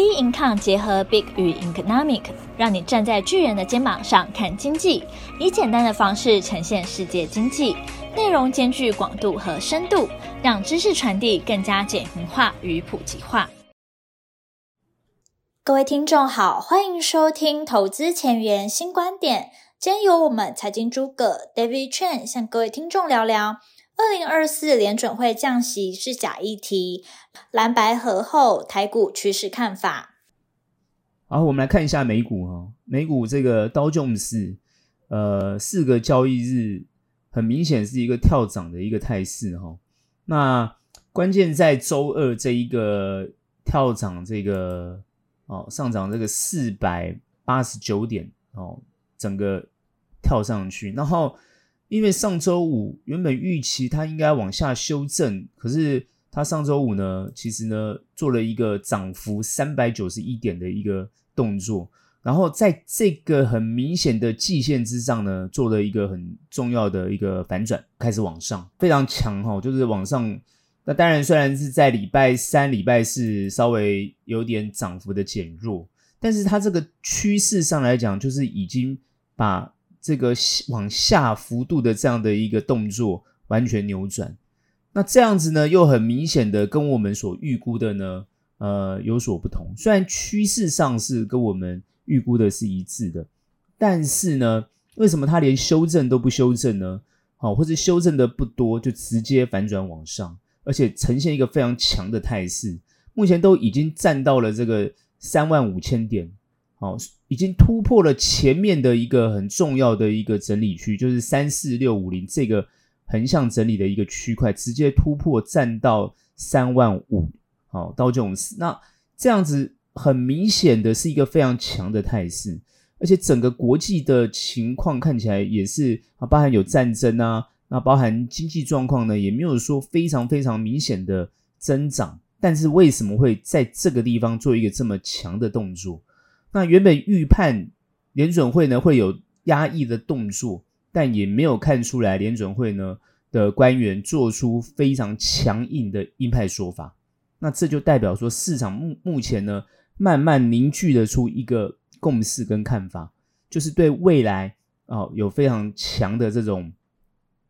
Big Income 結合 Big 與 Economic，讓你站在巨人的肩膀上看經濟，以簡單的方式呈現世界經濟，內容兼具廣度和深度，讓知識傳遞更加簡明化與普及化。各位聽眾好，歡迎收聽《投資前沿新觀點》，今天由我們財經諸葛 David Chen 向各位聽眾聊聊。二零二四聯準會降息是假議題，藍白合後台股趨勢看法。好，我們來看一下美股哈、哦，美股這個道瓊斯，呃，四個交易日很明顯是一個跳漲的一個態勢哈、哦。那關鍵在週二這一個跳漲，這個哦上漲這個四百八十九點哦，整個跳上去，然後。因為上週五原本預期它應該往下修正，可是它上週五呢，其實呢做了一個漲幅三百九十一點的一個動作，然後在這個很明顯的季線之上呢，做了一個很重要的一個反轉，開始往上，非常強哈、哦，就是往上。那當然雖然是在禮拜三、禮拜四稍微有點漲幅的減弱，但是它這個趨勢上來講，就是已經把。這個往下幅度的這樣的一個動作完全扭轉，那這樣子呢，又很明顯的跟我們所預估的呢，呃，有所不同。雖然趨勢上是跟我們預估的是一致的，但是呢，為什麼他連修正都不修正呢？好，哦，或者修正的不多，就直接反轉往上，而且呈現一個非常強的態勢。目前都已經站到了這個三萬五千點。好，已經突破了前面的一個很重要的一個整理區，就是三四六五零這個橫向整理的一個區塊，直接突破占到 5, 好，站到三萬五，好到這五四，那這樣子很明顯的是一個非常強的態勢，而且整個國際的情況看起來也是啊，包含有戰爭啊，那包含經濟狀況呢，也沒有說非常非常明顯的增長，但是為什麼會在這個地方做一個這麼強的動作？那原本預判聯準會呢會有壓抑的動作，但也沒有看出來聯準會呢的官員做出非常強硬的鷹派說法。那這就代表說市場目目前呢慢慢凝聚得出一個共識跟看法，就是對未來哦有非常強的這種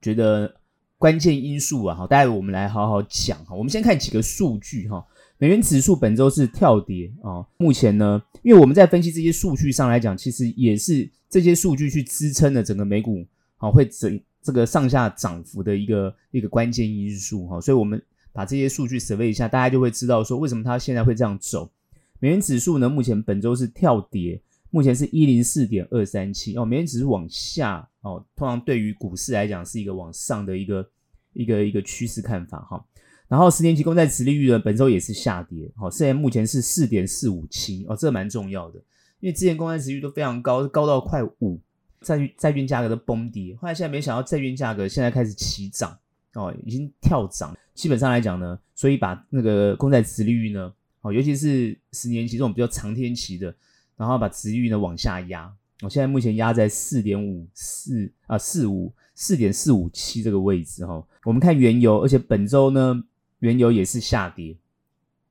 覺得關鍵因素啊。好，待會我們來好好講哈。我們先看幾個數據哈、啊。美元指數本周是跳跌啊、哦，目前呢，因為我們在分析這些數據上來講，其實也是這些數據去支撐了整個美股啊、哦、會整這個上下漲幅的一個一個關鍵因素哈、哦，所以我們把這些數據 review 一下，大家就會知道說為什麼它現在會這樣走。美元指數呢，目前本周是跳跌，目前是一零四點二三七哦，美元指數往下哦，通常對於股市來講是一個往上的一個一個一個趨勢看法哈。哦然後十年期公債殖利率呢，本周也是下跌。好、哦，現在目前是四點四五七哦，這個、蠻重要的，因為之前公債殖利率都非常高，高到快五，債債券價格都崩跌。後來現在沒想到債券價格現在開始起漲哦，已經跳漲。基本上來講呢，所以把那個公債殖利率呢，哦，尤其是十年期這種比較長天期的，然後把殖利率呢往下壓。哦，現在目前壓在四點五四啊四五四點四五七這個位置哈、哦。我們看原油，而且本周呢。原油也是下跌，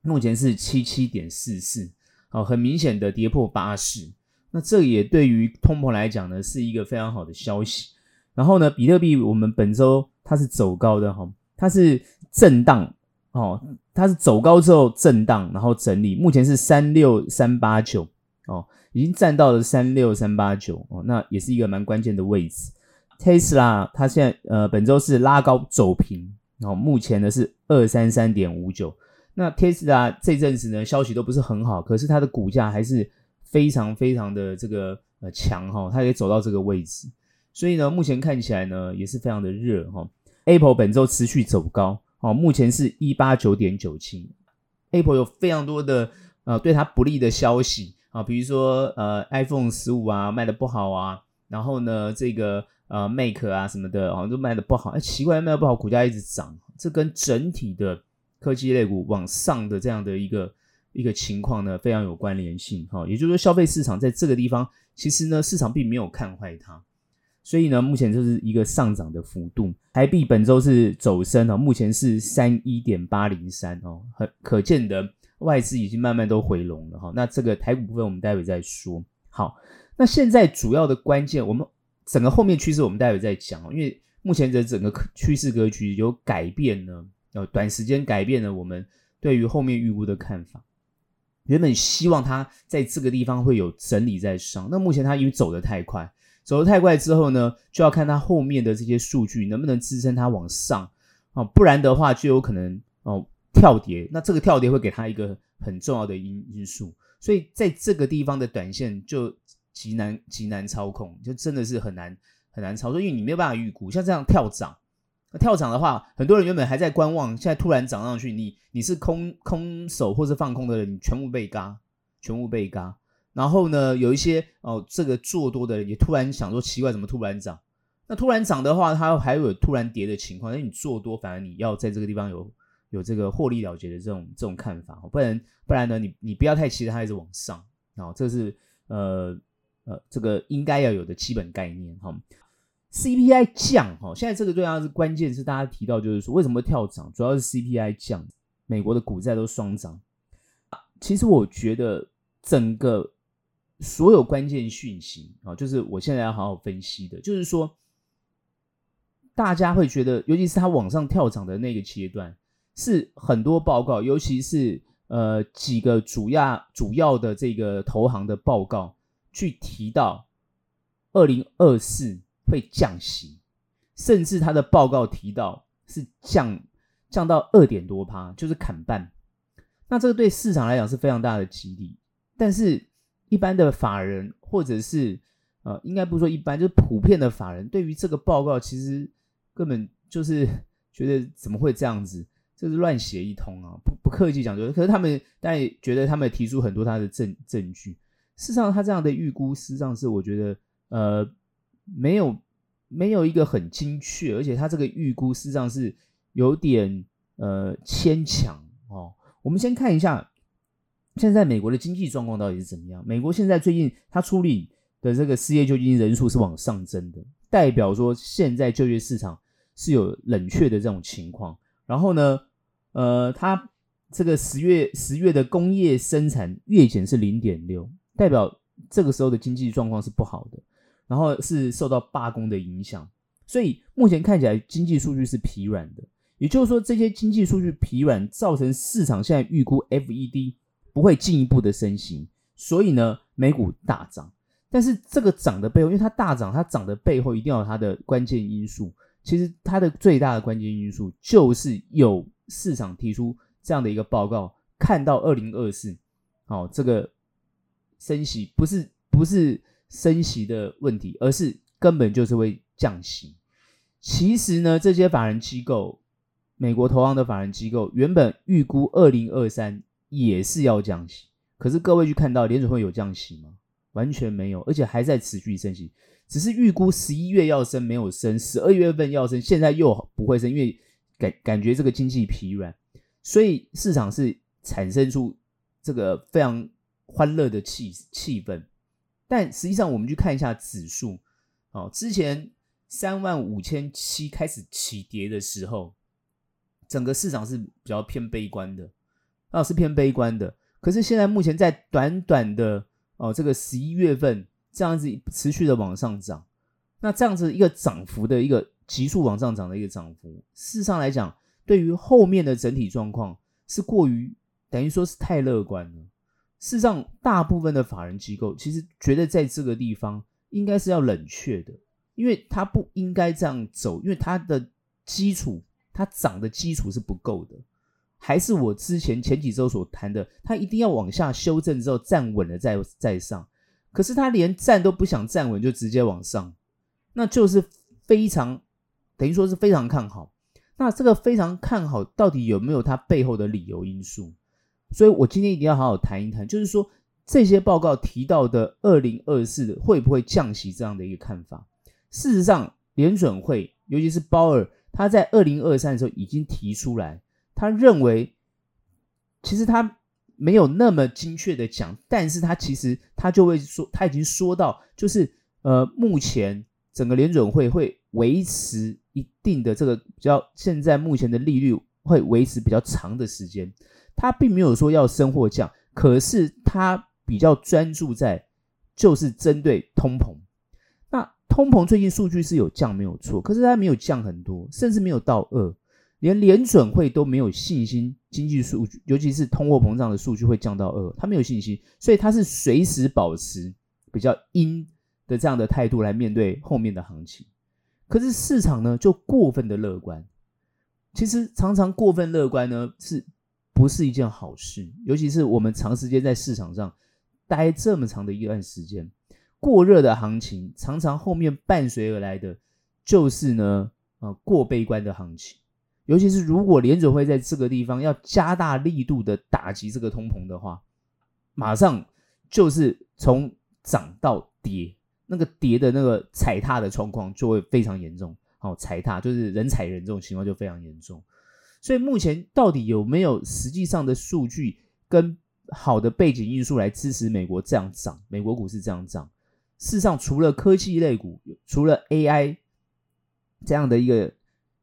目前是七七點四四，哦，很明顯的跌破八四。那這也對於通膨來講呢，是一個非常好的消息。然後呢，比特幣我們本周它是走高的哈，它是震盪哦，它是走高之後震盪，然後整理，目前是三六三八九哦，已經站到了三六三八九哦，那也是一個蠻關鍵的位置。Tesla 它現在呃本周是拉高走平，哦，目前呢是二三三點五九。那 Tesla 這陣子呢消息都不是很好，可是它的股價還是非常非常的這個呃強哈、哦，它可以走到這個位置。所以呢，目前看起來呢也是非常的熱哈、哦。Apple 本周持續走高，哦，目前是一八九點九七。Apple 有非常多的呃對它不利的消息啊、哦，比如說呃 iPhone 十五啊賣得不好啊，然後呢這個。啊、呃、，Mac 啊什麼的，好、哦、像都賣得不好，哎，奇怪，賣得不好，股價一直漲，這跟整體的科技類股往上的這樣的一個一個情況呢，非常有關聯性哈、哦。也就是說，消費市場在這個地方，其實呢，市場並沒有看壞它，所以呢，目前就是一個上漲的幅度。台幣本周是走升哦，目前是三一點八零三哦，很可見的外資已經慢慢都回籠了哈、哦。那這個台股部分，我們待會再說。好，那現在主要的關鍵，我們。整個後面趨勢我們待會再講，因為目前的整個趨勢格局有改變呢，呃，短時間改變了我們對於後面預估的看法。原本希望它在這個地方會有整理再上，那目前它因為走得太快，走得太快之後呢，就要看它後面的這些數據能不能支撐它往上啊，不然的話就有可能哦跳跌。那這個跳跌會給它一個很重要的因因素，所以在這個地方的短線就。極難極難操控，就真的是很難很難操作，因為你沒有辦法預估。像這樣跳漲，跳漲的話，很多人原本還在觀望，現在突然漲上去，你你是空空手或是放空的人，你全部被嘎，全部被嘎。然後呢，有一些哦，這個做多的人也突然想說，奇怪，怎麼突然漲？那突然漲的話，它還有，有突然跌的情況。那你做多，反而你要在這個地方有有這個獲利了結的這種這種看法，不然不然呢，你你不要太期待它一直往上。然後，這是呃。呃，這個應該要有的基本概念哈。CPI 降哈、哦，現在這個最重要是關鍵，是大家提到就是說，為什麼跳漲？主要是 CPI 降，美國的股債都雙漲。啊、其實我覺得整個所有關鍵訊息啊、哦，就是我現在要好好分析的，就是說，大家會覺得，尤其是它往上跳漲的那個階段，是很多報告，尤其是呃幾個主要主要的這個投行的報告，去提到二零二四會降息，甚至他的報告提到是降降到二點多趴，就是砍半。那這個對市場來講是非常大的激勵，但是一般的法人或者是呃應該不說一般，就是普遍的法人對於這個報告，其實根本就是覺得怎麼會這樣子？這、就是亂寫一通啊！不不客氣講，就可是他們但也覺得他們提出很多他的證證據。事實上，他這樣的預估，事實上是我覺得，呃，沒有沒有一個很精確，而且他這個預估，事實上是有點呃牽強哦。我們先看一下現在美國的經濟狀況到底是怎麼樣。美國現在最近他處理的這個失業救濟金人數是往上增的，代表說現在就業市場是有冷卻的這種情況。然後呢，呃，他這個十月十月的工業生產月減是零點六。代表這個時候的經濟狀況是不好的，然後是受到罷工的影響，所以目前看起來經濟數據是疲軟的。也就是說，這些經濟數據疲軟，造成市場現在預估 FED 不會進一步的升息，所以呢，美股大漲。但是這個漲的背後，因為它大漲，它漲的背後一定要有它的關鍵因素。其實它的最大的關鍵因素就是有市場提出這樣的一個報告，看到二零二四，好這個。升息不是不是升息的問題，而是根本就是會降息。其實呢，這些法人機構，美國投行的法人機構原本預估二零二三也是要降息，可是各位去看到聯準會有降息嗎？完全沒有，而且還在持續升息。只是預估十一月要升沒有升，十二月份要升，現在又不會升，因為感感覺這個經濟疲軟，所以市場是產生出這個非常。歡樂的氣氣氛，但實際上我們去看一下指數哦。之前三萬五千七開始起跌的時候，整個市場是比較偏悲觀的，啊是偏悲觀的。可是現在目前在短短的哦，這個十一月份這樣子持續的往上漲，那這樣子一個漲幅的一個急速往上漲的一個漲幅，事實上來講，對於後面的整體狀況是過於，等於說是太樂觀了。事實上，大部分的法人機構其實覺得在這個地方應該是要冷卻的，因為他不應該這樣走，因為他的基礎，他漲的基礎是不夠的。還是我之前前幾周所談的，他一定要往下修正之後站穩了再再上。可是他連站都不想站穩，就直接往上，那就是非常等於說是非常看好。那這個非常看好到底有沒有它背後的理由因素？所以，我今天一定要好好談一談，就是說這些報告提到的二零二四會不會降息這樣的一個看法。事實上，聯準會，尤其是鮑爾，他在二零二三的時候已經提出來，他認為，其實他沒有那麼精確的講，但是他其實他就會說，他已經說到，就是呃，目前整個聯準會會維持一定的這個比較，現在目前的利率會維持比較長的時間。他並沒有說要升或降，可是他比較專注在就是針對通膨。那通膨最近數據是有降，沒有錯，可是他沒有降很多，甚至沒有到二，連聯準會都沒有信心，經濟數據，尤其是通貨膨脹的數據會降到二，他沒有信心，所以他是隨時保持比較陰的這樣的態度來面對後面的行情。可是市場呢，就過分的樂觀。其實常常過分樂觀呢，是。不是一件好事，尤其是我們長時間在市場上待這麼長的一段時間，過熱的行情常常後面伴隨而來的就是呢，啊、呃，過悲觀的行情。尤其是如果聯準會在這個地方要加大力度的打擊這個通膨的話，馬上就是從漲到跌，那個跌的那個踩踏的狀況就會非常嚴重。哦，踩踏就是人踩人這種情況就非常嚴重。所以目前到底有沒有實際上的數據跟好的背景因素來支持美國這樣漲？美國股市這樣漲？事實上，除了科技類股，除了 AI 這樣的一個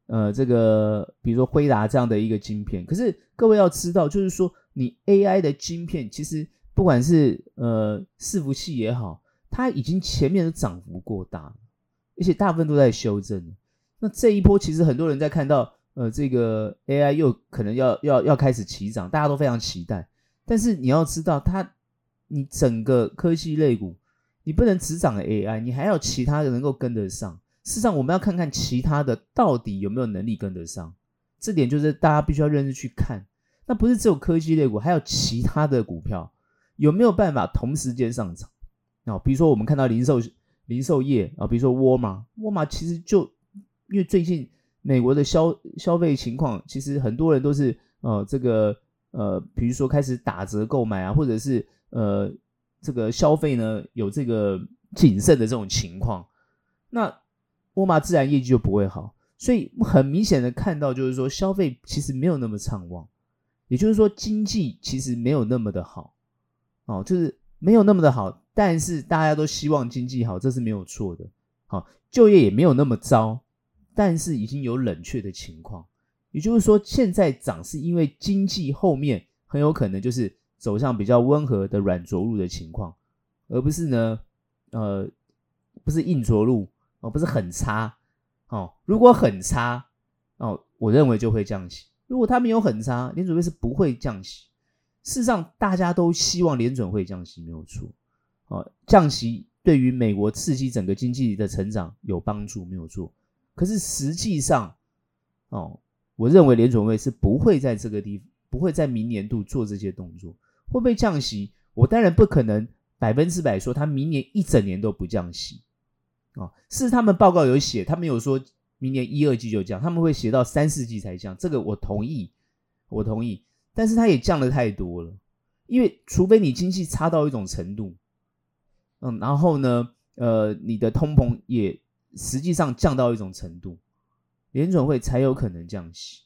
呃，這個比如說輝達這樣的一個晶片。可是各位要知道，就是說你 AI 的晶片，其實不管是呃伺服器也好，它已經前面的漲幅過大，而且大部分都在修正。那這一波其實很多人在看到。呃，這個 AI 又可能要要要開始起漲，大家都非常期待。但是你要知道它，它你整個科技類股，你不能只漲 AI，你還有其他的能夠跟得上。事實上，我們要看看其他的到底有沒有能力跟得上，這點就是大家必須要認真去看。那不是只有科技類股，還有其他的股票有沒有辦法同時間上漲？啊，比如說我們看到零售零售業啊，比如說沃爾瑪，沃爾瑪其實就因為最近。美國的消消費情況，其實很多人都是呃這個呃，比如說開始打折購買啊，或者是呃這個消費呢有這個謹慎的這種情況，那沃爾瑪自然業績就不會好，所以很明顯的看到就是說消費其實沒有那麼暢旺，也就是說經濟其實沒有那麼的好哦，就是沒有那麼的好，但是大家都希望經濟好，這是沒有錯的，好，哦，就業也沒有那麼糟。但是已經有冷卻的情況，也就是說，現在漲是因為經濟後面很有可能就是走向比較溫和的軟着陸的情況，而不是呢，呃，不是硬着陸哦、呃，不是很差哦。如果很差哦，我認為就會降息。如果它沒有很差，聯準會是不會降息。事實上，大家都希望聯準會降息，沒有錯哦。降息對於美國刺激整個經濟的成長有幫助，沒有錯。可是實際上，哦，我認為聯準會是不會在這個地，不會在明年度做這些動作，會不會降息？我當然不可能百分之百說他明年一整年都不降息，哦，是他們報告有寫，他們有說明年一二季就降，他們會寫到三四季才降，這個我同意，我同意，但是他也降的太多了，因為除非你經濟差到一種程度，嗯，然後呢，呃，你的通膨也。實際上降到一種程度，聯準會才有可能降息，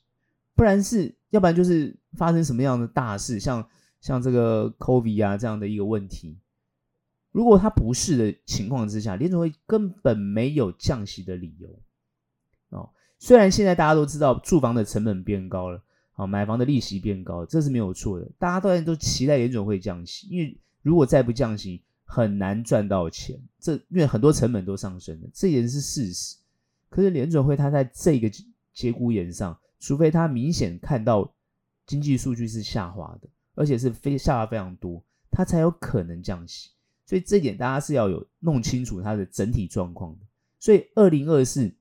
不然是，要不然就是發生什麼樣的大事，像像這個 Covid 啊，這樣的一個問題。如果他不是的情況之下，聯準會根本沒有降息的理由。哦，雖然現在大家都知道住房的成本變高了，好、哦，買房的利息變高，這是沒有錯的。大家當然都期待聯準會降息，因為如果再不降息，很難賺到錢，這因為很多成本都上升了，這也是事實。可是聯準會它在這個節骨眼上，除非它明顯看到經濟數據是下滑的，而且是非下滑非常多，它才有可能降息。所以這點大家是要有弄清楚它的整體狀況的。所以二零二四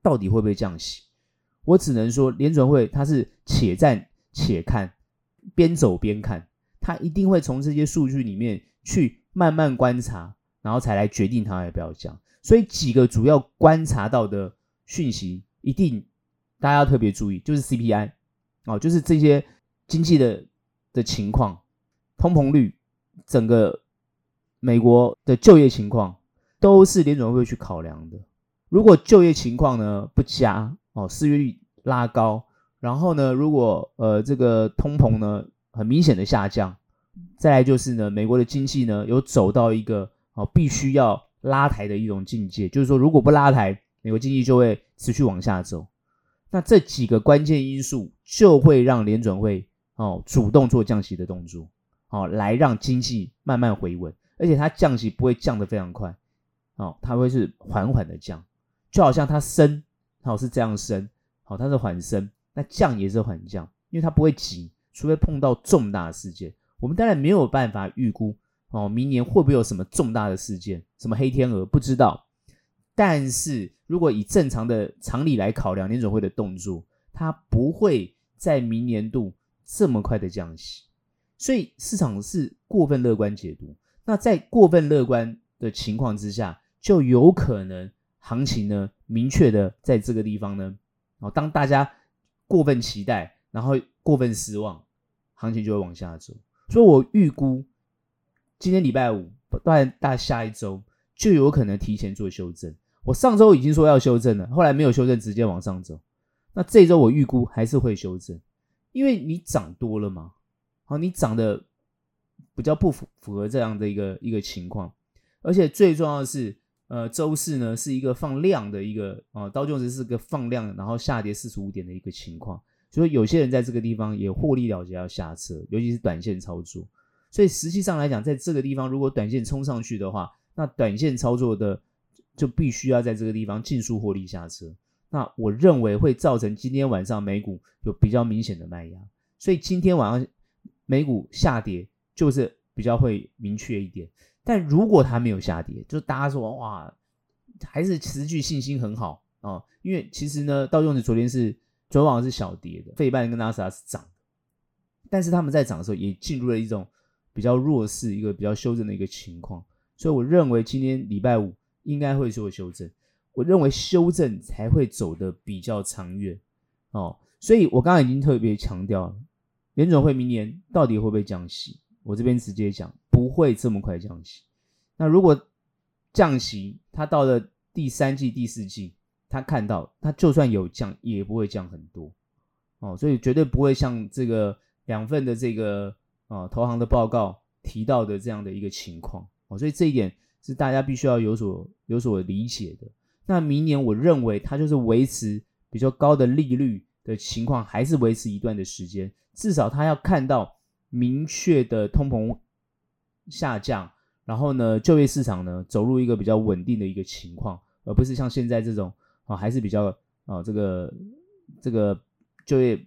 到底會不會降息，我只能說聯準會它是且戰且看，邊走邊看，它一定會從這些數據裡面去。慢慢觀察，然後才來決定他要不要降。所以幾個主要觀察到的訊息，一定大家要特別注意，就是 CPI，哦，就是這些經濟的的情況、通膨率、整個美國的就業情況，都是聯準會去考量的。如果就業情況呢不佳，哦，失業率拉高，然後呢，如果呃這個通膨呢很明顯的下降。再來就是呢，美國的經濟呢有走到一個哦必須要拉抬的一種境界，就是說如果不拉抬，美國經濟就會持續往下走。那這幾個關鍵因素就會讓聯準會哦主動做降息的動作，好、哦、來讓經濟慢慢回穩，而且它降息不會降得非常快，哦，它會是緩緩的降，就好像它升，好是這樣升，好、哦、它是緩升，那降也是緩降，因為它不會急，除非碰到重大的事件。我們當然沒有辦法預估哦，明年會不會有什麼重大的事件，什麼黑天鵝不知道。但是如果以正常的常理來考量，聯準會的動作，它不會在明年度這麼快的降息，所以市場是過分樂觀解讀。那在過分樂觀的情況之下，就有可能行情呢，明確的在這個地方呢，哦，當大家過分期待，然後過分失望，行情就會往下走。所以我預估今天禮拜五，不然大下一周就有可能提前做修正。我上周已經說要修正了，後來沒有修正，直接往上走。那這一周我預估還是會修正，因為你漲多了嘛。好、啊，你漲的比較不符符合這樣的一個一個情況，而且最重要的是，呃，周四呢是一個放量的一個啊，刀劍石是個放量，然後下跌四十五點的一個情況。所以有些人在這個地方也獲利了結要下車，尤其是短線操作。所以實際上來講，在這個地方，如果短線衝上去的話，那短線操作的就必須要在這個地方盡速獲利下車。那我認為會造成今天晚上美股有比較明顯的賣壓，所以今天晚上美股下跌就是比較會明確一點。但如果它沒有下跌，就大家說哇，還是持續信心很好啊、嗯，因為其實呢，道瓊斯昨天是。昨晚是小跌的，費半跟那斯是漲，但是他們在漲的時候也進入了一種比較弱勢、一個比較修正的一個情況，所以我認為今天禮拜五應該會做修正。我認為修正才會走的比較長遠哦，所以我剛剛已經特別強調了，聯準會明年到底會不會降息？我這邊直接講，不會這麼快降息。那如果降息，它到了第三季、第四季。他看到，他就算有降，也不會降很多哦，所以絕對不會像這個兩份的這個啊、哦、投行的報告提到的這樣的一個情況哦，所以這一點是大家必須要有所有所理解的。那明年我認為，它就是維持比較高的利率的情況，還是維持一段的時間，至少他要看到明確的通膨下降，然後呢，就業市場呢走入一個比較穩定的一個情況，而不是像現在這種。啊、哦，還是比較啊、哦，這個這個就業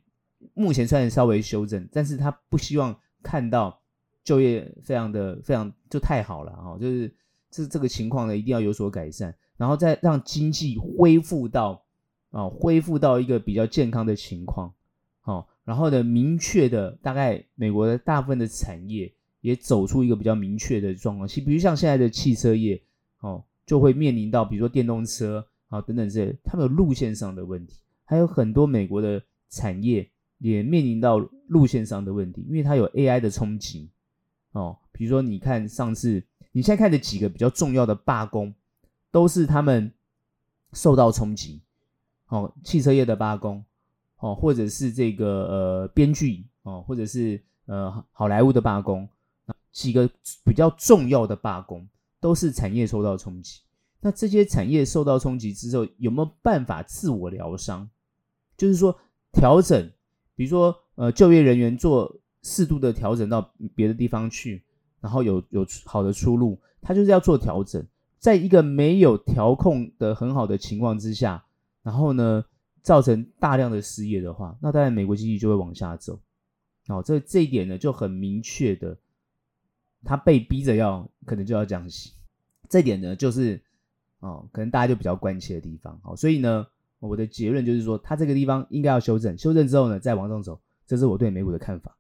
目前算是稍微修正，但是他不希望看到就業非常的非常就太好了啊、哦，就是這這個情況呢，一定要有所改善，然後再讓經濟恢復到啊、哦，恢復到一個比較健康的情況，好、哦，然後呢，明確的大概美國的大部分的產業也走出一個比較明確的狀況，其比如像現在的汽車業，哦，就會面臨到比如說電動車。好，等等，這些，他們有路線上的問題，還有很多美國的產業也面臨到路線上的問題，因為它有 AI 的衝擊哦。比如說，你看上次你現在看的幾個比較重要的罷工，都是他們受到衝擊哦，汽車業的罷工哦，或者是這個呃編劇哦，或者是呃好萊塢的罷工，幾個比較重要的罷工都是產業受到衝擊。那這些產業受到衝擊之後，有沒有辦法自我療傷？就是說調整，比如說呃，就業人員做適度的調整到別的地方去，然後有有好的出路。他就是要做調整，在一個沒有調控的很好的情況之下，然後呢，造成大量的失業的話，那當然美國經濟就會往下走。哦，這這一點呢就很明確的，他被逼着要可能就要降息。這一點呢就是。哦，可能大家就比較關切的地方，好、哦，所以呢，我的結論就是說，它這個地方應該要修正，修正之後呢，再往上走，這是我對美股的看法。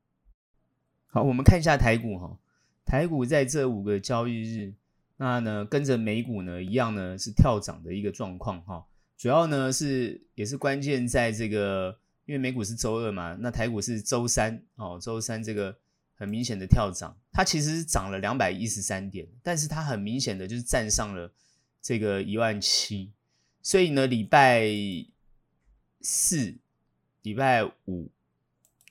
好，我們看一下台股哈、哦，台股在這五個交易日，那呢，跟着美股呢一樣呢，是跳漲的一個狀況哈，主要呢是也是關鍵在這個，因為美股是週二嘛，那台股是週三哦，週三這個很明顯的跳漲，它其實漲了兩百一十三點，但是它很明顯的就是站上了。這個一萬七，所以呢，禮拜四、禮拜五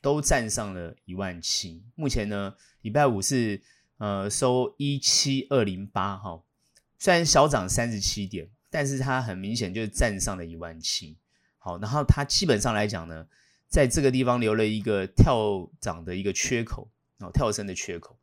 都站上了一萬七。目前呢，禮拜五是呃收一七二零八哈，雖然小漲三十七點，但是它很明顯就是站上了一萬七。好，然後它基本上來講呢，在這個地方留了一個跳漲的一個缺口，哦，跳升的缺口。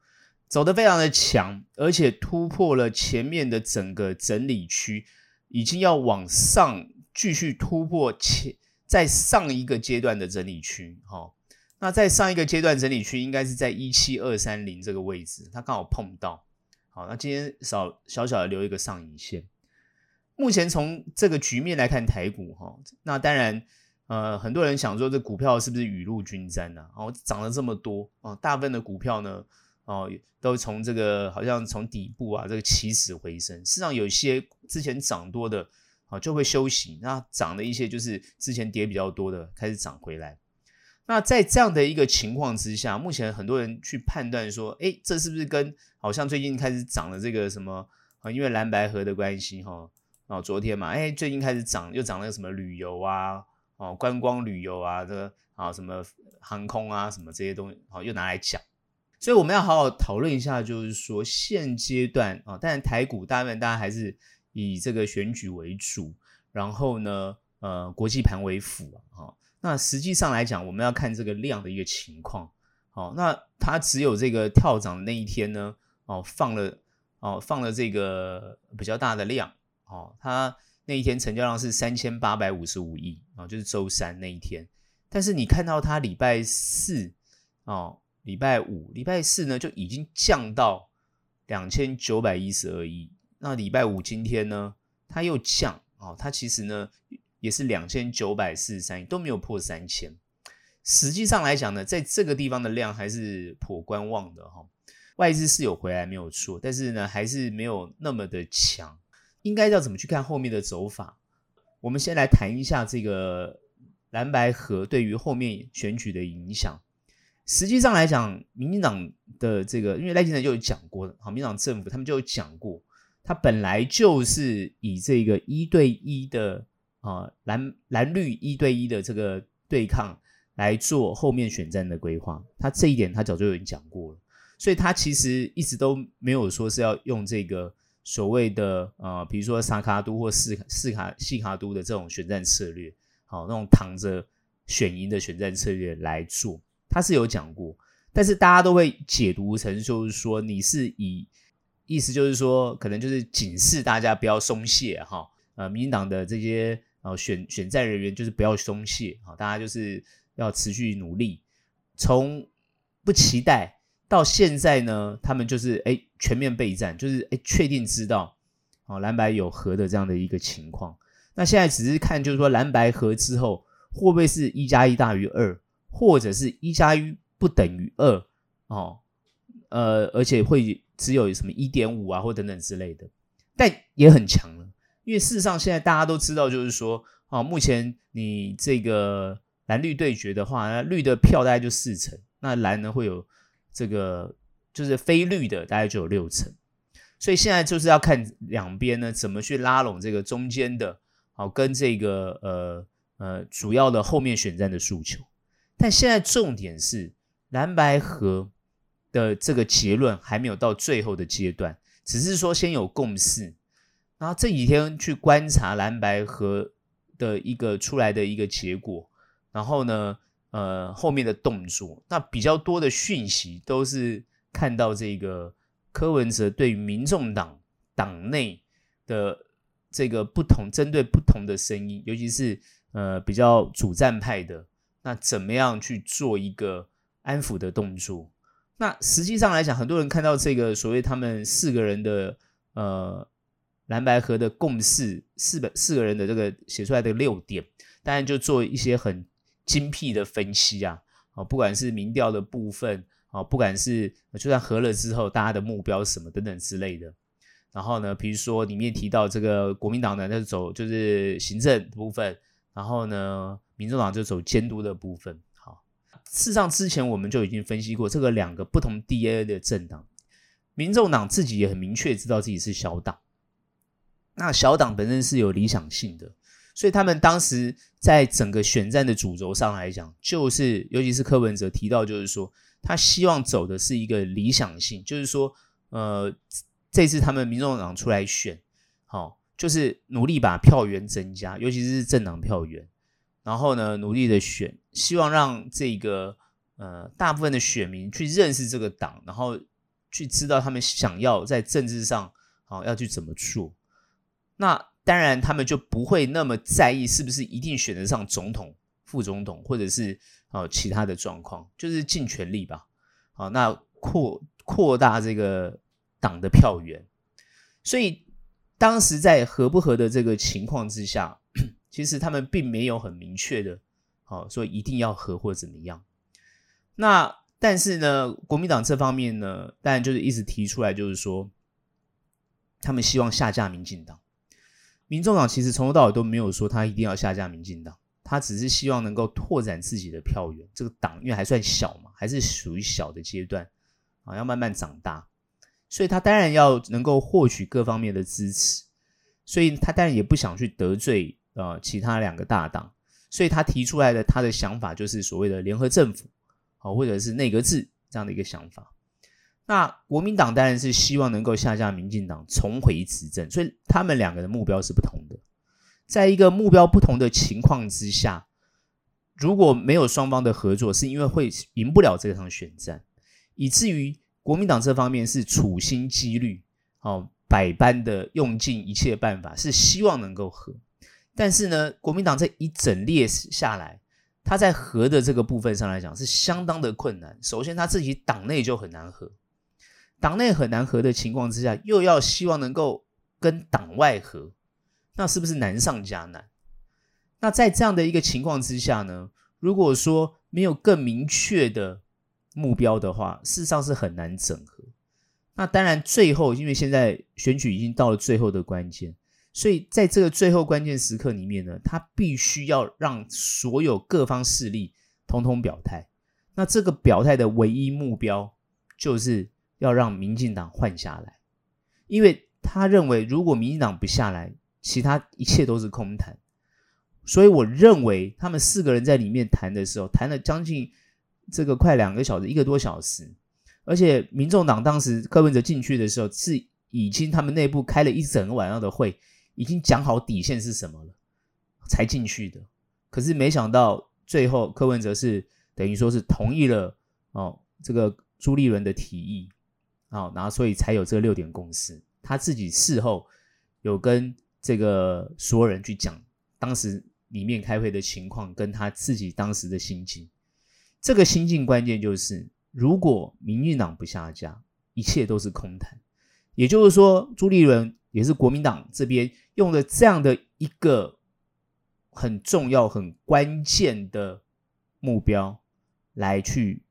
走得非常的強，而且突破了前面的整個整理區，已經要往上繼續突破前在上一個階段的整理區哈、哦。那在上一個階段整理區應該是在一七二三零這個位置，它剛好碰到。好，那今天少小小的留一個上影線。目前從這個局面來看，台股哈、哦，那當然呃，很多人想說這股票是不是雨露均沾啊？然、哦、漲了這麼多啊、哦，大部分的股票呢？哦，都從這個好像從底部啊，這個起死回生。事實上，有一些之前漲多的啊、哦，就會休息；那漲的一些就是之前跌比較多的，開始漲回來。那在這樣的一個情況之下，目前很多人去判斷說，哎，這是不是跟好像最近開始漲的這個什麼？因為藍白合的關係哈，啊、哦，昨天嘛，哎，最近開始漲，又漲了什麼旅遊啊，哦，觀光旅遊啊，這個啊、哦，什麼航空啊，什麼這些東西，哦，又拿來講。所以我們要好好討論一下，就是說現階段啊，當然，哦，台股大部分大家還是以這個選舉為主，然後呢，呃，國際盤為輔啊、哦。那實際上來講，我們要看這個量的一個情況。哦，那它只有這個跳漲那一天呢，哦，放了哦，放了這個比較大的量。哦，它那一天成交量是三千八百五十五億，哦，就是週三那一天。但是你看到它禮拜四哦。禮拜五，禮拜四呢就已經降到兩千九百一十二億。那禮拜五今天呢，它又降啊、哦，它其實呢也是兩千九百四十三億，都沒有破三千。實際上來講呢，在這個地方的量還是頗觀望的哈、哦。外資是有回來沒有錯，但是呢，還是沒有那麼的強。應該要怎麼去看後面的走法？我們先來談一下這個藍白合對於後面選舉的影響。實際上來講，民進黨的這個，因為賴清德就有講過，好，民進黨政府他們就有講過，他本來就是以這個一對一的啊、呃、藍藍綠一對一的這個對抗來做後面選戰的規劃。他這一點他早就已經講過了，所以他其實一直都沒有說是要用這個所謂的呃，比如說三卡都或四四卡、四卡都的這種選戰策略，好，那種躺着選贏的選戰策略來做。他是有講過，但是大家都會解讀成，就是說你是以，意思就是說，可能就是警示大家不要鬆懈哈，呃，民進黨的這些呃選選戰人員就是不要鬆懈，好，大家就是要持續努力，從不期待到現在呢，他們就是哎全面備戰，就是哎確定知道哦藍白有合的這樣的一個情況，那現在只是看就是說藍白合之後會不會是一加一大於二。或者是一加一不等於二哦，呃，而且會只有什麼一點五啊，或等等之類的，但也很強了。因為事實上，現在大家都知道，就是說，哦，目前你這個藍綠對決的話，那綠的票大概就四成，那藍呢會有這個就是非綠的大概就有六成，所以現在就是要看兩邊呢，怎麼去拉攏這個中間的，哦，跟這個呃呃主要的後面選戰的訴求。但現在重點是藍白合的這個結論還沒有到最後的階段，只是說先有共識。然後這幾天去觀察藍白合的一個出來的一個結果，然後呢，呃，後面的動作，那比較多的訊息都是看到這個柯文哲對於民眾黨黨內的這個不同，針對不同的聲音，尤其是呃比較主戰派的。那怎麼樣去做一個安撫的動作？那實際上來講，很多人看到這個所謂他們四個人的呃藍白合的共識，四本四個人的這個寫出來的六點，當然就做一些很精闢的分析啊啊，不管是民調的部分啊，不管是就算合了之後大家的目標什麼等等之類的。然後呢，比如說裡面提到這個國民黨的那種就是行政的部分，然後呢，民眾黨就走監督的部分。好，事實上之前我們就已經分析過，這個兩個不同 DNA 的政黨，民眾黨自己也很明確知道自己是小黨。那小黨本身是有理想性的，所以他們當時在整個選戰的主軸上來講，就是尤其是柯文哲提到，就是說他希望走的是一個理想性，就是說，呃，這次他們民眾黨出來選，好，就是努力把票源增加，尤其是政黨票源。然後呢，努力的選，希望讓這個呃大部分的選民去認識這個黨，然後去知道他們想要在政治上啊、哦、要去怎麼做。那當然他們就不會那麼在意是不是一定選得上總統、副總統，或者是啊、哦、其他的狀況，就是盡全力吧。啊、哦，那擴擴大這個黨的票源，所以當時在合不合的這個情況之下。其實他們並沒有很明確的，好、啊、說一定要合或者怎麼樣。那但是呢，國民黨這方面呢，當然就是一直提出來，就是說他們希望下架民進黨。民眾黨其實從頭到尾都沒有說他一定要下架民進黨，他只是希望能夠拓展自己的票源。這個黨因為還算小嘛，還是屬於小的階段啊，要慢慢長大，所以他當然要能夠獲取各方面的支持，所以他當然也不想去得罪。呃，其他兩個大黨，所以他提出來的他的想法就是所謂的聯合政府，好或者是內閣制這樣的一個想法。那國民黨當然是希望能夠下架民進黨，重回執政，所以他們兩個的目標是不同的。在一個目標不同的情況之下，如果沒有雙方的合作，是因為會贏不了這場選戰，以至於國民黨這方面是處心積慮，百般的用盡一切辦法，是希望能夠合。但是呢，國民黨這一整列，下來，他在合的這個部分上來講是相當的困難。首先，他自己黨內就很難合，黨內很難合的情況之下，又要希望能夠跟黨外合，那是不是難上加難？那在這樣的一個情況之下呢，如果說沒有更明確的目標的話，事實上是很難整合。那當然最後，因為現在選舉已經到了最後的關鍵。所以，在這個最後關鍵時刻裡面呢，他必須要讓所有各方勢力通通表態。那這個表態的唯一目標，就是要讓民進黨換下來，因為他認為，如果民進黨不下來，其他一切都是空談。所以，我認為他們四個人在裡面談的時候，談了將近這個快兩個小時，一個多小時。而且，民眾黨當時柯文哲進去的時候，是已經他們內部開了一整個晚上的會。已經講好底線是什麼了，才進去的。可是沒想到最後柯文哲是等於說是同意了哦，這個朱立倫的提議哦。然後所以才有這六點共識。他自己事後有跟這個所有人去講當時裡面開會的情況，跟他自己當時的心境。這個心境關鍵就是，如果民進黨不下架，一切都是空談。也就是說，朱立倫。也是國民黨這邊用了這樣的一個很重要、很關鍵的目標，來去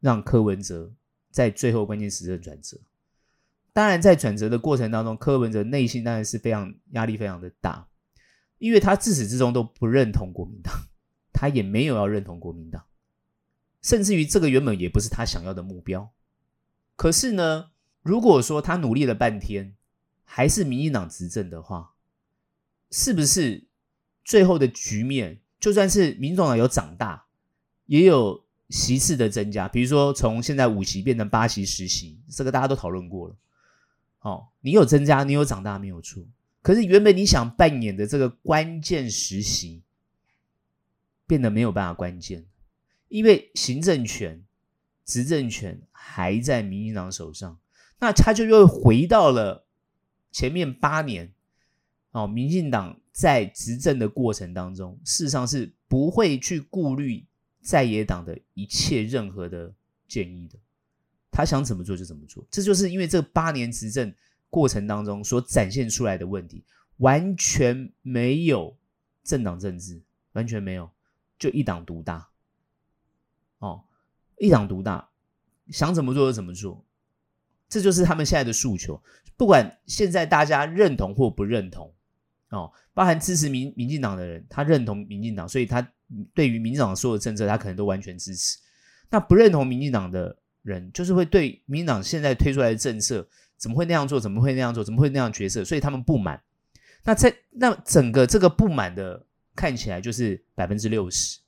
讓柯文哲在最後關鍵時刻轉折。當然，在轉折的過程當中，柯文哲內心當然是非常壓力、非常的大，因為他自始至終都不認同國民黨，他也沒有要認同國民黨，甚至於這個原本也不是他想要的目標。可是呢，如果說他努力了半天，還是民進黨執政的話，是不是最後的局面，就算是民眾黨有長大，也有席次的增加？比如說從現在五席變成八席、十席，這個大家都討論過了。哦，你有增加，你有長大，沒有錯。可是原本你想扮演的這個關鍵十席，變得沒有辦法關鍵，因為行政權、執政權還在民進黨手上，那他就又回到了。前面八年，哦，民進黨在執政的過程當中，事實上是不會去顧慮在野黨的一切任何的建議的，他想怎麼做就怎麼做。這就是因為這八年執政過程當中所展現出來的問題，完全沒有政黨政治，完全沒有，就一黨獨大，哦，一黨獨大，想怎麼做就怎麼做。這就是他們現在的訴求，不管現在大家認同或不認同哦，包含支持民民進黨的人，他認同民進黨，所以他對於民進黨所有政策，他可能都完全支持。那不認同民進黨的人，就是會對民進黨現在推出來的政策，怎麼會那樣做？怎麼會那樣做？怎麼會那樣決策？所以他們不滿。那在那整個這個不滿的看起來就是百分之六十，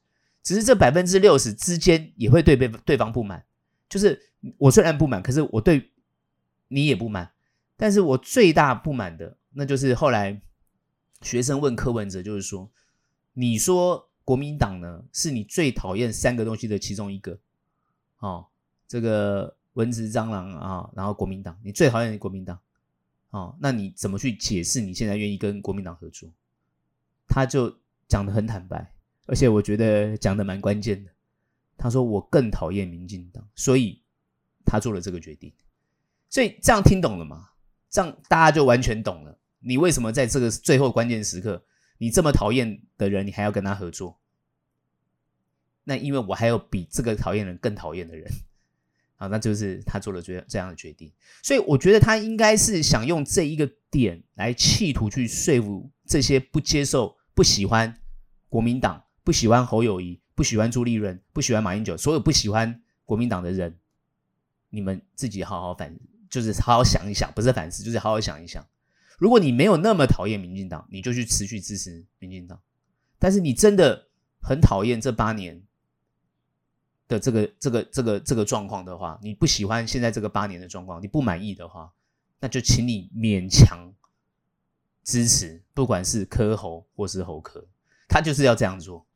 只是這百分之六十之間也會對被對方不滿，就是我雖然不滿，可是我對。你也不滿，但是我最大不滿的。那就是後來學生問柯文哲，就是說，你說國民黨呢，是你最討厭三個東西的其中一個，哦，這個蚊子蟑螂啊，哦，然後國民黨，你最討厭國民黨，哦，那你怎麼去解釋你現在願意跟國民黨合作？他就講得很坦白，而且我覺得講得蠻關鍵的。他說我更討厭民進黨，所以他做了這個決定。所以這樣聽懂了嗎？這樣大家就完全懂了。你為什麼在這個最後關鍵時刻，你這麼討厭的人，你還要跟他合作？那因為我還有比這個討厭人更討厭的人。好，那就是他做了這這樣的決定。所以我覺得他應該是想用這一個點來企圖去說服這些不接受、不喜歡國民黨、不喜歡侯友宜、不喜歡朱立倫、不喜歡馬英九、所有不喜歡國民黨的人，你們自己好好反，就是好好想一想，不是反思，就是好好想一想。如果你沒有那麼討厭民進黨，你就去持續支持民進黨。但是你真的很討厭這八年的這個、這個、這個、這個狀況的話，你不喜歡現在這個八年的狀況，你不滿意的話，那就請你勉強支持，不管是柯侯或是侯柯，他就是要這樣做。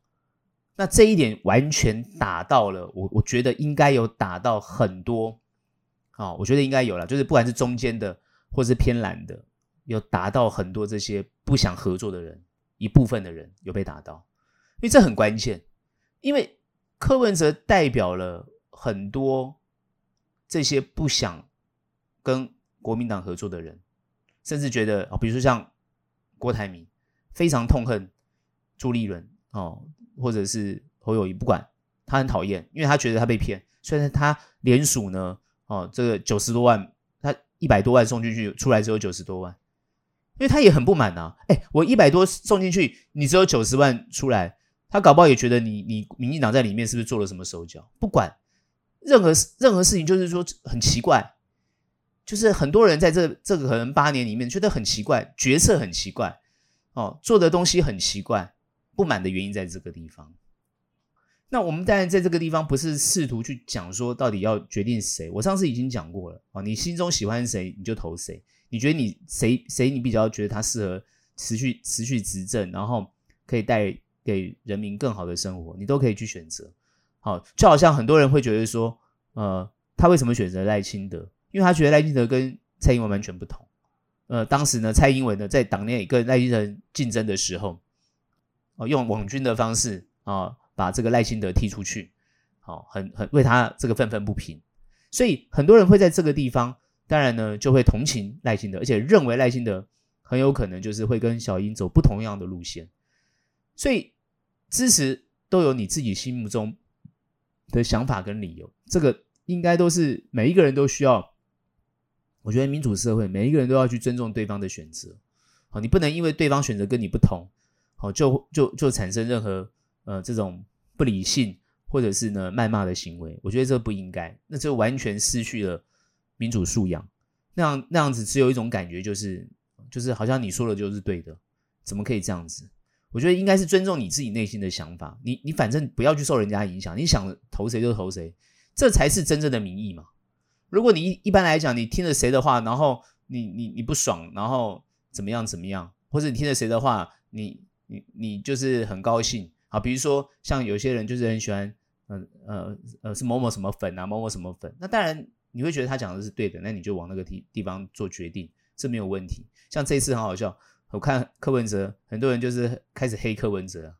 那這一點完全打到了我，我覺得應該有打到很多。啊、哦，我覺得應該有啦，就是不管是中間的，或是偏藍的，有打到很多這些不想合作的人，一部分的人有被打到，因為這很關鍵，因為柯文哲代表了很多這些不想跟國民黨合作的人，甚至覺得哦，比如說像郭台銘，非常痛恨朱立倫哦，或者是侯友宜，不管他很討厭，因為他覺得他被騙，雖然他連署呢。哦，這個九十多萬，他一百多萬送進去，出來只有九十多萬，因為他也很不滿啊。哎、欸，我一百多送進去，你只有九十萬出來，他搞不好也覺得你你民進黨在裡面是不是做了什麼手腳？不管任何事任何事情，就是說很奇怪，就是很多人在這這個可能八年裡面覺得很奇怪，決策很奇怪，哦，做的東西很奇怪，不滿的原因在這個地方。那我們當然在這個地方不是試圖去講說到底要決定誰。我上次已經講過了啊，你心中喜歡誰你就投誰。你覺得你誰誰你比較覺得他適合持續持續執政，然後可以帶給人民更好的生活，你都可以去選擇。好，就好像很多人會覺得說，呃，他為什麼選擇賴清德？因為他覺得賴清德跟蔡英文完全不同。呃，當時呢，蔡英文呢在黨內跟賴清德競爭的時候，呃，用網軍的方式啊。呃把這個賴清德踢出去，好，很很為他這個憤憤不平，所以很多人會在這個地方，當然呢就會同情賴清德，而且認為賴清德很有可能就是會跟小英走不同樣的路線，所以支持都有你自己心目中的想法跟理由，這個應該都是每一個人都需要，我覺得民主社會每一個人都要去尊重對方的選擇，好，你不能因為對方選擇跟你不同，好就就就產生任何。呃，這種不理性或者是呢謾罵的行為，我覺得這不應該，那就完全失去了民主素養。那樣那樣子只有一種感覺，就是就是好像你說的就是對的，怎麼可以這樣子？我覺得應該是尊重你自己內心的想法，你你反正不要去受人家影響，你想投誰就投誰，這才是真正的民意嘛。如果你一一般來講，你聽了誰的話，然後你你你不爽，然後怎麼樣怎麼樣，或者你聽了誰的話，你你你就是很高興。好，比如說像有些人就是很喜歡，嗯呃呃，呃，是某某什麼粉啊，某某什麼粉。那當然你會覺得他講的是對的，那你就往那個地地方做決定，這沒有問題。像這一次很好，好笑，我看柯文哲，很多人就是開始黑柯文哲，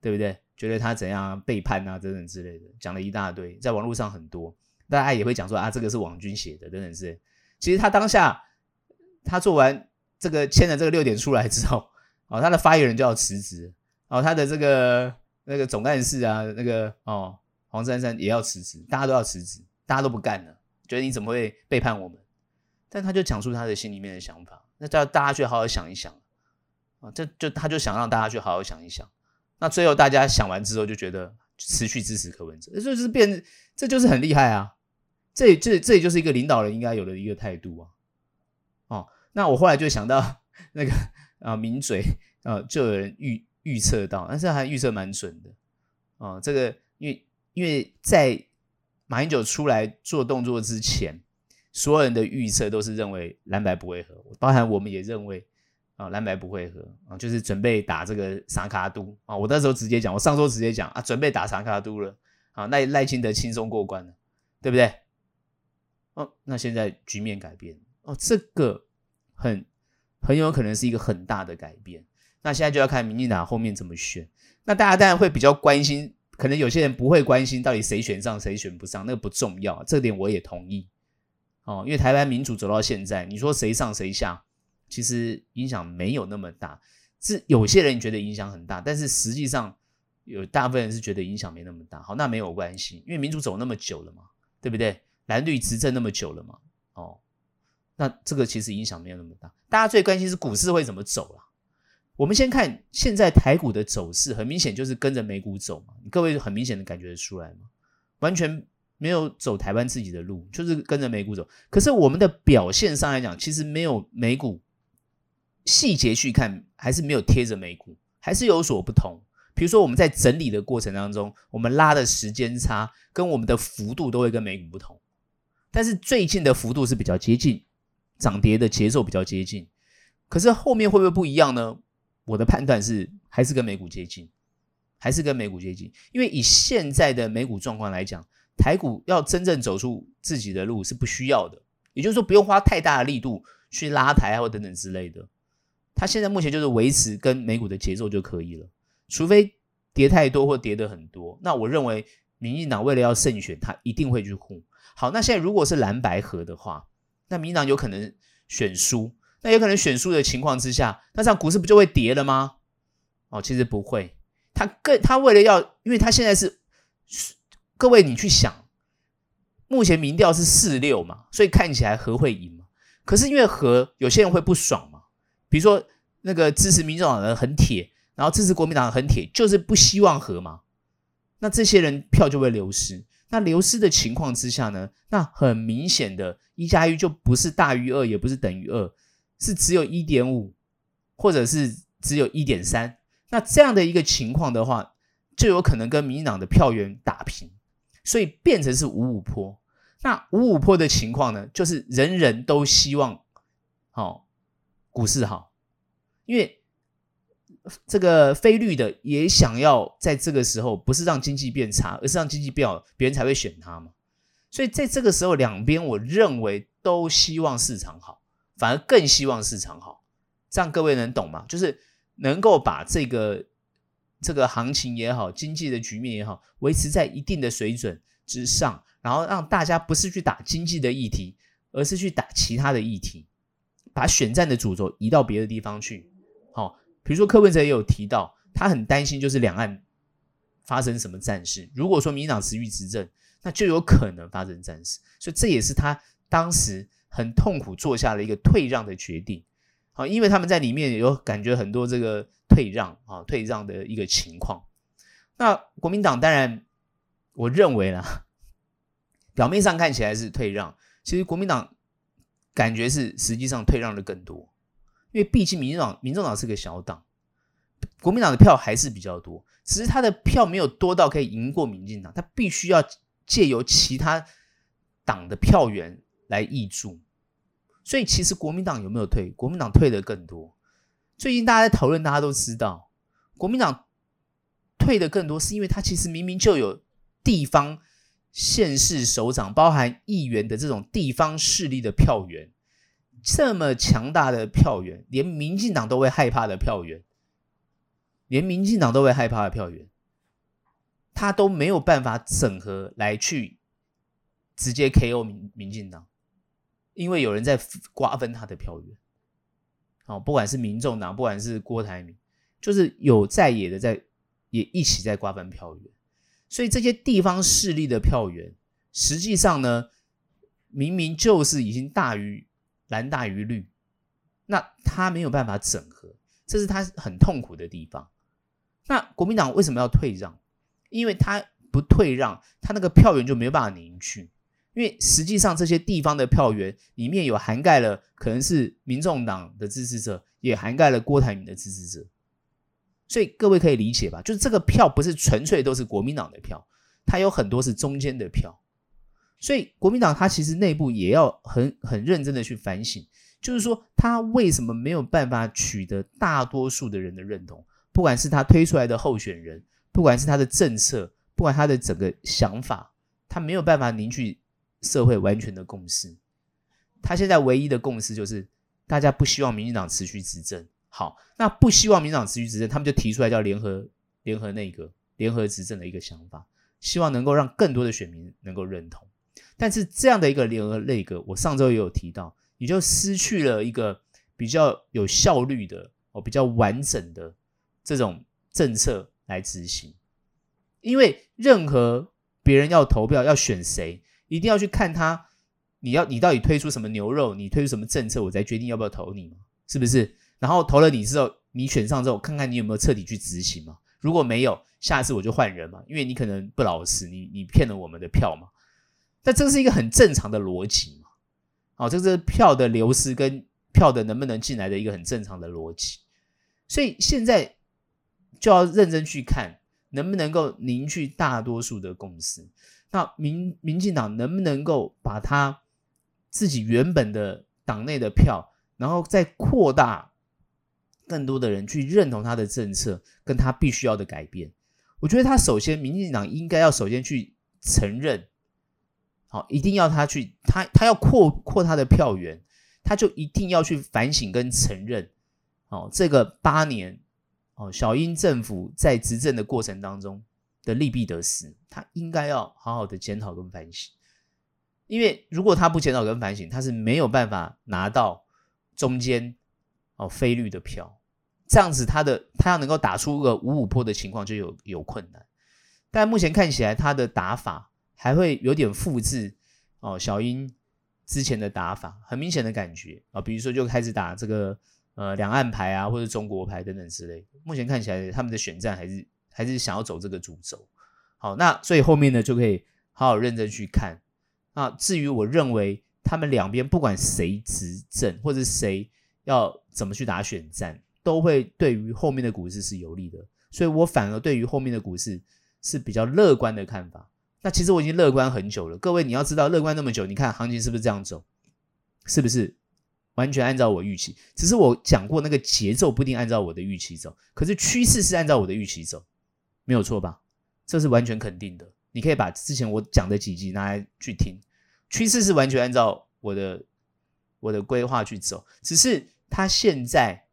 對不對？覺得他怎樣背叛啊，等等之類的，講了一大堆，在網絡上很多，大家也會講說啊，這個是網軍寫的等等之類的。其實他當下他做完這個簽了這個六點出來之後，哦，他的發言人就要辭職。哦，他的這個那個總幹事啊，那個哦，黃珊珊也要辭職，大家都要辭職，大家都不幹了，覺得你怎麼會背叛我們？但他就講出他的心裡面的想法，那叫大家去好好想一想啊、哦，這就他就想讓大家去好好想一想。那最後大家想完之後，就覺得持續支持柯文哲，這就，就是變，這就是很厲害啊，這這這也就是一個領導人應該有的一個態度啊。哦，那我後來就想到那個啊、呃，名嘴啊、呃，就有人預，預測到，但是還預測蠻準的。啊、哦，這個因為因為在馬英九出來做動作之前，所有人的預測都是認為藍白不會合，包含我們也認為啊、哦、藍白不會合啊、哦，就是準備打這個薩卡都啊，我那時候直接講，我上周直接講啊，準備打薩卡都了啊，賴、哦、賴清德輕鬆過關了，對不對？哦，那現在局面改變哦，這個很很有可能是一個很大的改變。那現在就要看民進黨後面怎麼選。那大家當然會比較關心，可能有些人不會關心到底誰選上誰選不上，那個不重要。這點我也同意哦，因為台灣民主走到現在，你說誰上誰下，其實影響沒有那麼大。是有些人覺得影響很大，但是實際上有大部分人是覺得影響沒那麼大。好，那沒有關係，因為民主走那麼久了嘛，對不對？藍綠執政那麼久了嘛，哦，那這個其實影響沒有那麼大。大家最關心是股市會怎麼走啦，啊。我們先看現在台股的走勢，很明顯就是跟着美股走嘛。各位很明顯的感覺得出來嗎？完全沒有走台灣自己的路，就是跟着美股走。可是我們的表現上來講，其實沒有美股細節去看，還是沒有貼着美股，還是有所不同。比如說我們在整理的過程當中，我們拉的時間差跟我們的幅度都會跟美股不同。但是最近的幅度是比較接近，漲跌的節奏比較接近。可是後面會不會不一樣呢？我的判斷是，還是跟美股接近，還是跟美股接近，因為以現在的美股狀況來講，台股要真正走出自己的路是不需要的，也就是說不用花太大的力度去拉抬啊，或等等之類的。他現在目前就是維持跟美股的節奏就可以了，除非跌太多或跌得很多。那我認為，民進黨為了要勝選，他一定會去護。好，那現在如果是藍白合的話，那民進黨有可能選輸。那有可能選輸的情況之下，那這樣股市不就會跌了嗎？哦，其實不會，他更他為了要，因為他現在是各位你去想，目前民調是四六嘛，所以看起來和會贏嘛。可是因為和有些人會不爽嘛，比如說那個支持民眾黨的很鐵，然後支持國民黨很鐵，就是不希望和嘛。那這些人票就會流失，那流失的情況之下呢，那很明顯的一加一就不是大於二，也不是等於二。是只有一點五，或者是只有一點三，那這樣的一個情況的話，就有可能跟民進黨的票源打平，所以變成是五五波。那五五波的情況呢，就是人人都希望好、哦、股市好，因為這個非綠的也想要在這個時候不是讓經濟變差，而是讓經濟變好，別人才會選他嘛。所以在這個時候，兩邊我認為都希望市場好。反而更希望市場好，這樣各位能懂嗎？就是能夠把這個這個行情也好，經濟的局面也好，維持在一定的水準之上，然後讓大家不是去打經濟的議題，而是去打其他的議題，把選戰的主軸移到別的地方去。好、哦，比如說柯文哲也有提到，他很擔心就是兩岸發生什麼戰事。如果說民進黨持續執政，那就有可能發生戰事，所以這也是他當時，很痛苦，做下了一個退讓的決定啊，因為他們在裡面有感覺很多這個退讓啊，退讓的一個情況。那國民黨當然，我認為啦，表面上看起來是退讓，其實國民黨感覺是實際上退讓的更多，因為畢竟民進黨民眾黨是個小黨，國民黨的票還是比較多，只是他的票沒有多到可以贏過民進黨，他必須要借由其他黨的票源來挹注。所以其實國民黨有沒有退？國民黨退的更多。最近大家在討論，大家都知道，國民黨退的更多，是因為他其實明明就有地方縣市首長，包含議員的這種地方勢力的票源，這麼強大的票源，連民進黨都會害怕的票源，連民進黨都會害怕的票源，他都沒有辦法整合來去直接 KO 民民進黨。因為有人在瓜分他的票源，哦，不管是民眾黨，不管是郭台銘，就是有在野的在，也一起在瓜分票源，所以這些地方勢力的票源，實際上呢，明明就是已經大於藍大於綠，那他沒有辦法整合，這是他很痛苦的地方。那國民黨為什麼要退讓？因為他不退讓，他那個票源就沒有辦法凝聚。因為實際上，這些地方的票源裡面有涵蓋了，可能是民眾黨的支持者，也涵蓋了郭台銘的支持者，所以各位可以理解吧？就是這個票不是純粹都是國民黨的票，它有很多是中間的票，所以國民黨它其實內部也要很很認真的去反省，就是說他為什麼沒有辦法取得大多數的人的認同？不管是他推出來的候選人，不管是他的政策，不管他的整個想法，他沒有辦法凝聚。社會完全的共識，他現在唯一的共識就是大家不希望民進黨持續執政。好，那不希望民進黨持續執政，他們就提出來叫聯合聯合內閣聯合執政的一個想法，希望能夠讓更多的選民能夠認同。但是這樣的一個聯合內閣，我上周也有提到，你就失去了一個比較有效率的哦，比較完整的這種政策來執行，因為任何別人要投票要選誰。一定要去看他，你要你到底推出什麼牛肉，你推出什麼政策，我才決定要不要投你嘛，是不是？然後投了你之後，你選上之後，看看你有沒有徹底去執行嘛？如果沒有，下次我就換人嘛，因為你可能不老實，你你騙了我們的票嘛。但這是一個很正常的邏輯嘛？好、哦，這是票的流失跟票的能不能進來的一個很正常的邏輯。所以現在就要認真去看，能不能夠凝聚大多數的共識。那民民進黨能不能夠把他自己原本的黨內的票，然後再擴大更多的人去認同他的政策，跟他必須要的改變？我覺得他首先，民進黨應該要首先去承認，好，哦，一定要他去，他他要擴擴他的票源，他就一定要去反省跟承認，哦，這個八年哦，小英政府在執政的過程當中，的利弊得失，他應該要好好的檢討跟反省，因為如果他不檢討跟反省，他是沒有辦法拿到中間哦非綠的票，這樣子他的他要能夠打出個五五波的情況就有有困難。但目前看起來，他的打法還會有點複製哦小英之前的打法，很明顯的感覺啊、哦，比如說就開始打這個呃兩岸牌啊，或者中國牌等等之類。目前看起來，他們的選戰還是。還是想要走這個主軸，好，那所以後面呢就可以好好認真去看。那至於我認為他們兩邊不管誰執政或者誰要怎麼去打選戰，都會對於後面的股市是有利的。所以我反而對於後面的股市是比較樂觀的看法。那其實我已經樂觀很久了，各位你要知道樂觀那麼久，你看行情是不是這樣走？是不是完全按照我預期？只是我講過那個節奏不一定按照我的預期走，可是趨勢是按照我的預期走。沒有錯吧？這是完全肯定的。你可以把之前我講的幾集拿來去聽，趨勢是完全按照我的我的規劃去走。只是它現在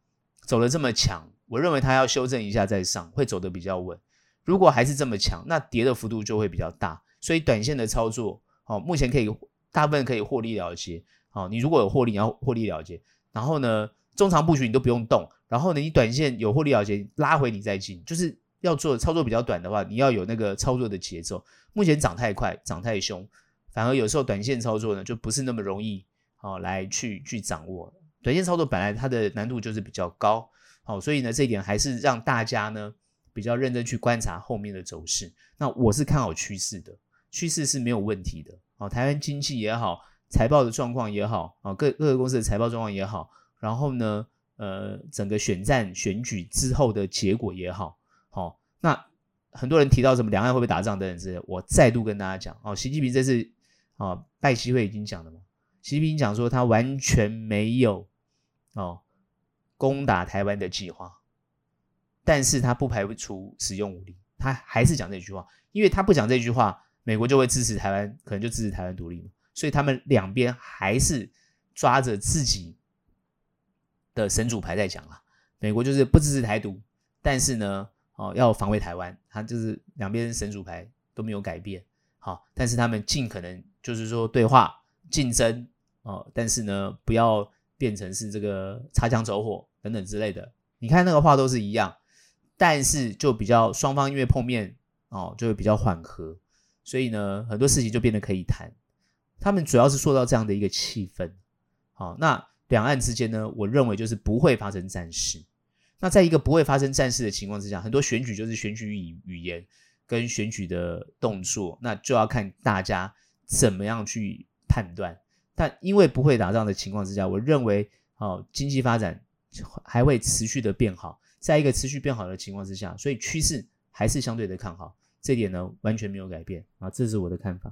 走得這麼強，我認為它要修正一下再上，會走得比較穩。如果還是這麼強，那跌的幅度就會比較大。所以短線的操作，哦，目前可以大部分可以獲利了結。哦，你如果有獲利，你要獲利了結。然後呢，中長布局你都不用動。然後呢，你短線有獲利了結，拉回你再進，就是。要做操作比較短的話，你要有那個操作的節奏。目前漲太快、漲太兇，反而有時候短線操作呢就不是那麼容易好、哦、來去去掌握。短線操作本來它的難度就是比較高，好、哦，所以呢這一點還是讓大家呢比較認真去觀察後面的走勢。那我是看好趨勢的，趨勢是沒有問題的。好、哦，台灣經濟也好，財報的狀況也好，啊、哦、各各個公司的財報狀況也好，然後呢，呃，整個選戰選舉之後的結果也好。那很多人提到什麼兩岸會不會打仗等等之類，我再度跟大家講哦，習近平這次哦拜習會已經講了嘛，習近平講說他完全沒有哦攻打台灣的計劃，但是他不排除使用武力，他還是講這句話，因為他不講這句話，美國就會支持台灣，可能就支持台灣獨立嘛，所以他們兩邊還是抓着自己的神主牌在講啦、啊，美國就是不支持台獨，但是呢。哦，要防衛台灣，他就是兩邊神主牌都沒有改變，好、哦，但是他們盡可能就是說對話、競爭，哦，但是呢，不要變成是這個擦槍走火等等之類的。你看那個話都是一樣，但是就比較雙方因為碰面，哦，就會比較緩和，所以呢，很多事情就變得可以談。他們主要是受到這樣的一個氣氛，好、哦，那兩岸之間呢，我認為就是不會發生戰事。那在一個不會發生戰事的情況之下，很多選舉就是選舉語語言跟選舉的動作，那就要看大家怎麼樣去判斷。但因為不會打仗的情況之下，我認為哦，經濟發展還會持續的變好。在一個持續變好的情況之下，所以趨勢還是相對的看好，這一點呢，完全沒有改變啊，這是我的看法。